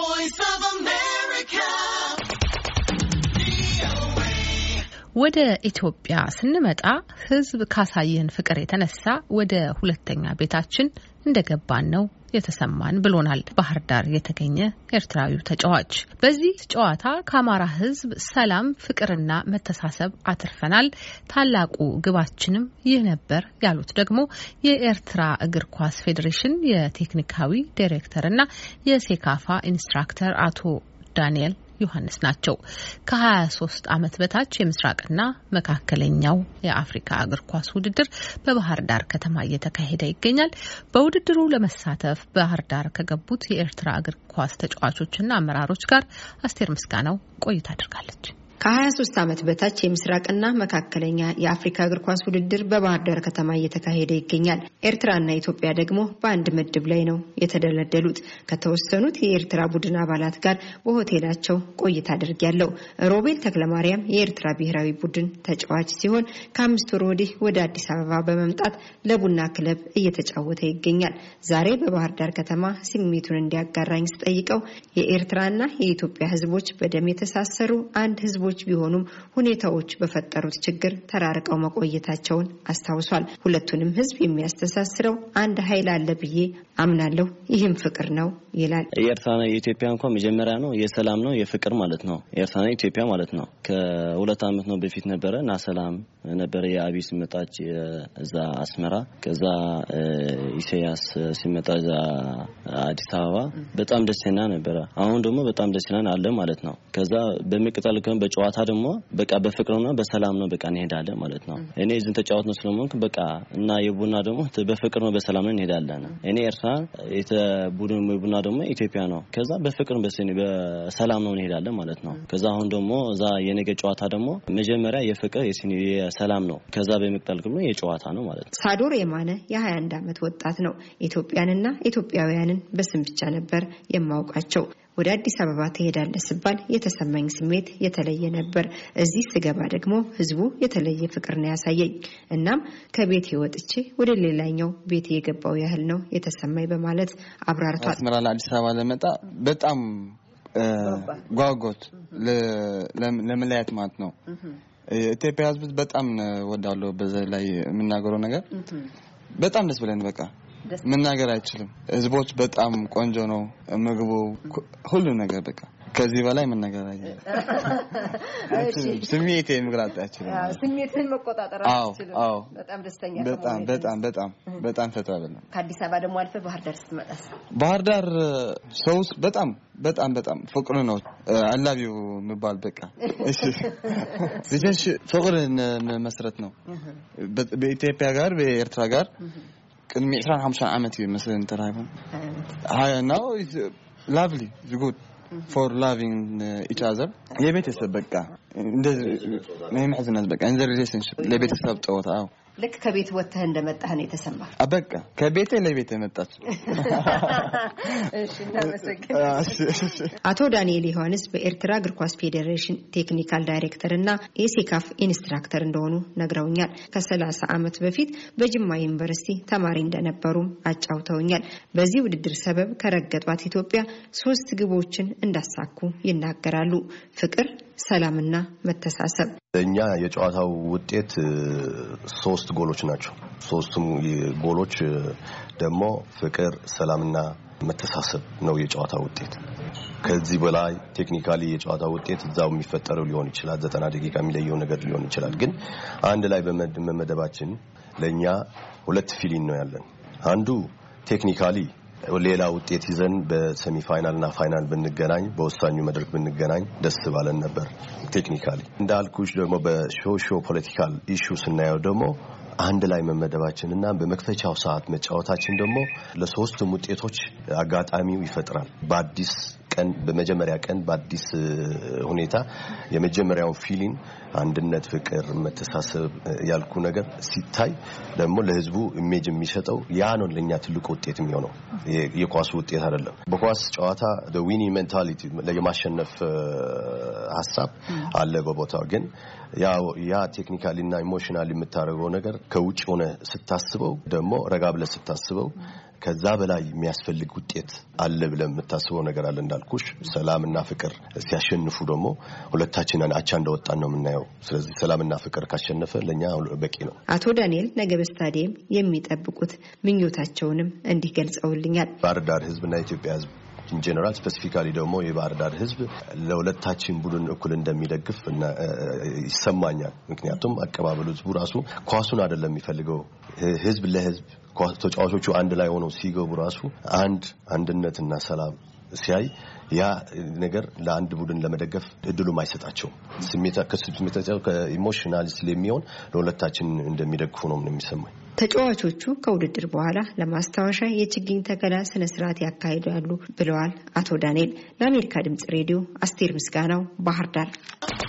voice ወደ ኢትዮጵያ ስንመጣ ህዝብ ካሳየን ፍቅር የተነሳ ወደ ሁለተኛ ቤታችን እንደገባን ነው የተሰማን ብሎናል። ባህር ዳር የተገኘ ኤርትራዊው ተጫዋች በዚህ ጨዋታ ከአማራ ሕዝብ ሰላም፣ ፍቅርና መተሳሰብ አትርፈናል። ታላቁ ግባችንም ይህ ነበር ያሉት ደግሞ የኤርትራ እግር ኳስ ፌዴሬሽን የቴክኒካዊ ዳይሬክተርና የሴካፋ ኢንስትራክተር አቶ ዳንኤል ዮሐንስ ናቸው። ከ23 ዓመት በታች የምስራቅና መካከለኛው የአፍሪካ እግር ኳስ ውድድር በባህር ዳር ከተማ እየተካሄደ ይገኛል። በውድድሩ ለመሳተፍ ባህር ዳር ከገቡት የኤርትራ እግር ኳስ ተጫዋቾችና አመራሮች ጋር አስቴር ምስጋናው ቆይታ አድርጋለች። ከ23 ዓመት በታች የምስራቅና መካከለኛ የአፍሪካ እግር ኳስ ውድድር በባህር ዳር ከተማ እየተካሄደ ይገኛል። ኤርትራና ኢትዮጵያ ደግሞ በአንድ ምድብ ላይ ነው የተደለደሉት። ከተወሰኑት የኤርትራ ቡድን አባላት ጋር በሆቴላቸው ቆይታ አድርጊያለሁ። ሮቤል ተክለማርያም የኤርትራ ብሔራዊ ቡድን ተጫዋች ሲሆን ከአምስት ወር ወዲህ ወደ አዲስ አበባ በመምጣት ለቡና ክለብ እየተጫወተ ይገኛል። ዛሬ በባህር ዳር ከተማ ስሜቱን እንዲያጋራኝ ስጠይቀው የኤርትራና የኢትዮጵያ ሕዝቦች በደም የተሳሰሩ አንድ ሕዝቦች ቤተሰቦች ቢሆኑም ሁኔታዎች በፈጠሩት ችግር ተራርቀው መቆየታቸውን አስታውሷል። ሁለቱንም ህዝብ የሚያስተሳስረው አንድ ኃይል አለ ብዬ አምናለሁ። ይህም ፍቅር ነው ይላል። የኤርትራና የኢትዮጵያ እንኳ መጀመሪያ ነው የሰላም ነው የፍቅር ማለት ነው። ኤርትራና ኢትዮጵያ ማለት ነው። ከሁለት ዓመት ነው በፊት ነበረ እና ሰላም ነበረ። የአብይ ሲመጣች እዛ አስመራ፣ ከዛ ኢሳያስ ሲመጣ እዛ አዲስ አበባ በጣም ደስና ነበረ። አሁን ደግሞ በጣም ደስና አለ ማለት ነው። ከዛ በሚቀጠል በጨዋታ ደግሞ በቃ በፍቅርና በሰላም ነው በቃ እንሄዳለን ማለት ነው። እኔ እዚህ ተጫዋት ነው ስለሆንኩ በቃ እና የቡና ደግሞ በፍቅር ነው በሰላም ነው እንሄዳለን እኔ ኤርትራ ቡድን ቡና ደግሞ ኢትዮጵያ ነው። ከዛ በፍቅር በሰላም ነው እንሄዳለን ማለት ነው። ከዛ አሁን ደግሞ እዛ የነገ ጨዋታ ደግሞ መጀመሪያ የፍቅር የሰላም ነው። ከዛ በመቅጠል ደግሞ የጨዋታ ነው ማለት ነው። ሳዶር የማነ የ21 ዓመት ወጣት ነው። ኢትዮጵያንና ኢትዮጵያውያንን በስም ብቻ ነበር የማውቃቸው። ወደ አዲስ አበባ ትሄዳለህ ስባል የተሰማኝ ስሜት የተለየ ነበር። እዚህ ስገባ ደግሞ ህዝቡ የተለየ ፍቅር ነው ያሳየኝ። እናም ከቤቴ ወጥቼ ወደ ሌላኛው ቤቴ የገባው ያህል ነው የተሰማኝ በማለት አብራርቷል። አስመራ ለአዲስ አበባ ለመጣ በጣም ጓጎት ለመለያት ማለት ነው። ኢትዮጵያ ህዝብ በጣም ወዳለው በዛ ላይ የምናገረው ነገር በጣም ደስ ብለን በቃ መናገር አይችልም። ህዝቦች በጣም ቆንጆ ነው ምግቡ፣ ሁሉ ነገር በቃ ከዚህ በላይ መናገር አይችልም። ስሜቴን መግለጽ አይችልም። ስሜትን መቆጣጠር አይችልም። አዎ በጣም ደስተኛ በጣም በጣም በጣም በጣም ፈታ ነው። ከአዲስ አበባ ደግሞ አልፈ ባህር ዳር ስትመጣስ? ባህር ዳር ሰውስ በጣም በጣም በጣም ፍቅር ነው። አላቢው የሚባል በቃ እሺ፣ ልጆች ፍቅርን መስረት ነው በኢትዮጵያ ጋር በኤርትራ ጋር ቅድሚ 25 ዓመት እዩ መስለን ተራሂቦም ናው ላቭሊ ዝጉድ ፎር ላቪንግ ኢች ኣዘር የቤተሰብ በቃ ናይ ምሕዝነት በቃ እንዘ ሪሌሽንሽፕ ለቤተሰብ ፀወታ ልክ ከቤት ወጥተህ እንደመጣህ ነው የተሰማ። በቃ ከቤቴ ለቤት የመጣች አቶ ዳንኤል ዮሐንስ በኤርትራ እግር ኳስ ፌዴሬሽን ቴክኒካል ዳይሬክተር እና የሴካፍ ኢንስትራክተር እንደሆኑ ነግረውኛል። ከሰላሳ ዓመት በፊት በጅማ ዩኒቨርሲቲ ተማሪ እንደነበሩም አጫውተውኛል። በዚህ ውድድር ሰበብ ከረገጧት ኢትዮጵያ ሶስት ግቦችን እንዳሳኩ ይናገራሉ። ፍቅር፣ ሰላምና መተሳሰብ እኛ የጨዋታው ውጤት ሶስት ጎሎች ናቸው። ሶስቱም ጎሎች ደግሞ ፍቅር፣ ሰላምና መተሳሰብ ነው የጨዋታ ውጤት። ከዚህ በላይ ቴክኒካሊ የጨዋታ ውጤት እዛው የሚፈጠረው ሊሆን ይችላል። ዘጠና ደቂቃ የሚለየው ነገር ሊሆን ይችላል። ግን አንድ ላይ በመመደባችን ለእኛ ሁለት ፊሊን ነው ያለን። አንዱ ቴክኒካሊ ሌላ ውጤት ይዘን ና ፋይናል ብንገናኝ በወሳኙ መድረክ ብንገናኝ ደስ ባለን ነበር። ቴክኒካሊ እንዳልኩሽ ደግሞ በሾሾ ፖለቲካል ኢሹ ስናየው ደግሞ አንድ ላይ መመደባችን እና በመክፈቻው ሰዓት መጫወታችን ደግሞ ለሶስቱም ውጤቶች አጋጣሚው ይፈጥራል በአዲስ ቀን በመጀመሪያ ቀን በአዲስ ሁኔታ የመጀመሪያውን ፊሊን አንድነት፣ ፍቅር፣ መተሳሰብ ያልኩ ነገር ሲታይ ደግሞ ለህዝቡ ኢሜጅ የሚሰጠው ያ ነው ለእኛ ትልቁ ውጤት የሚሆነው የኳሱ ውጤት አይደለም። በኳስ ጨዋታ ዊኒ ሜንታሊቲ የማሸነፍ ሀሳብ አለ በቦታው ግን ያ ቴክኒካሊና ኢሞሽናል የምታደርገው ነገር ከውጭ ሆነ ስታስበው ደግሞ ረጋ ብለ ስታስበው ከዛ በላይ የሚያስፈልግ ውጤት አለ ብለን የምታስበው ነገር አለ። እንዳልኩሽ ሰላምና ፍቅር ሲያሸንፉ ደግሞ ሁለታችን አቻ እንደወጣን ነው የምናየው። ስለዚህ ሰላምና ፍቅር ካሸነፈ ለእኛ በቂ ነው። አቶ ዳንኤል ነገ በስታዲየም የሚጠብቁት ምኞታቸውንም እንዲህ ገልጸውልኛል። ባህር ዳር ህዝብና ኢትዮጵያ ህዝብ ጀነራል ስፔሲፊካሊ ደግሞ የባህር ዳር ህዝብ ለሁለታችን ቡድን እኩል እንደሚደግፍ ይሰማኛል። ምክንያቱም አቀባበሉ ህዝቡ ራሱ ኳሱን አይደለም የሚፈልገው ህዝብ ለህዝብ ተጫዋቾቹ አንድ ላይ ሆነው ሲገቡ ራሱ አንድ አንድነትና ሰላም ሲያይ ያ ነገር ለአንድ ቡድን ለመደገፍ እድሉም አይሰጣቸውም። ስሜታቸው ከኢሞሽናል ስለሚሆን ለሁለታችን እንደሚደግፉ ነው የሚሰማኝ። ተጫዋቾቹ ከውድድር በኋላ ለማስታወሻ የችግኝ ተከላ ስነ ስርዓት ያካሂዳሉ ብለዋል አቶ ዳንኤል። ለአሜሪካ ድምጽ ሬዲዮ አስቴር ምስጋናው ባህር ዳር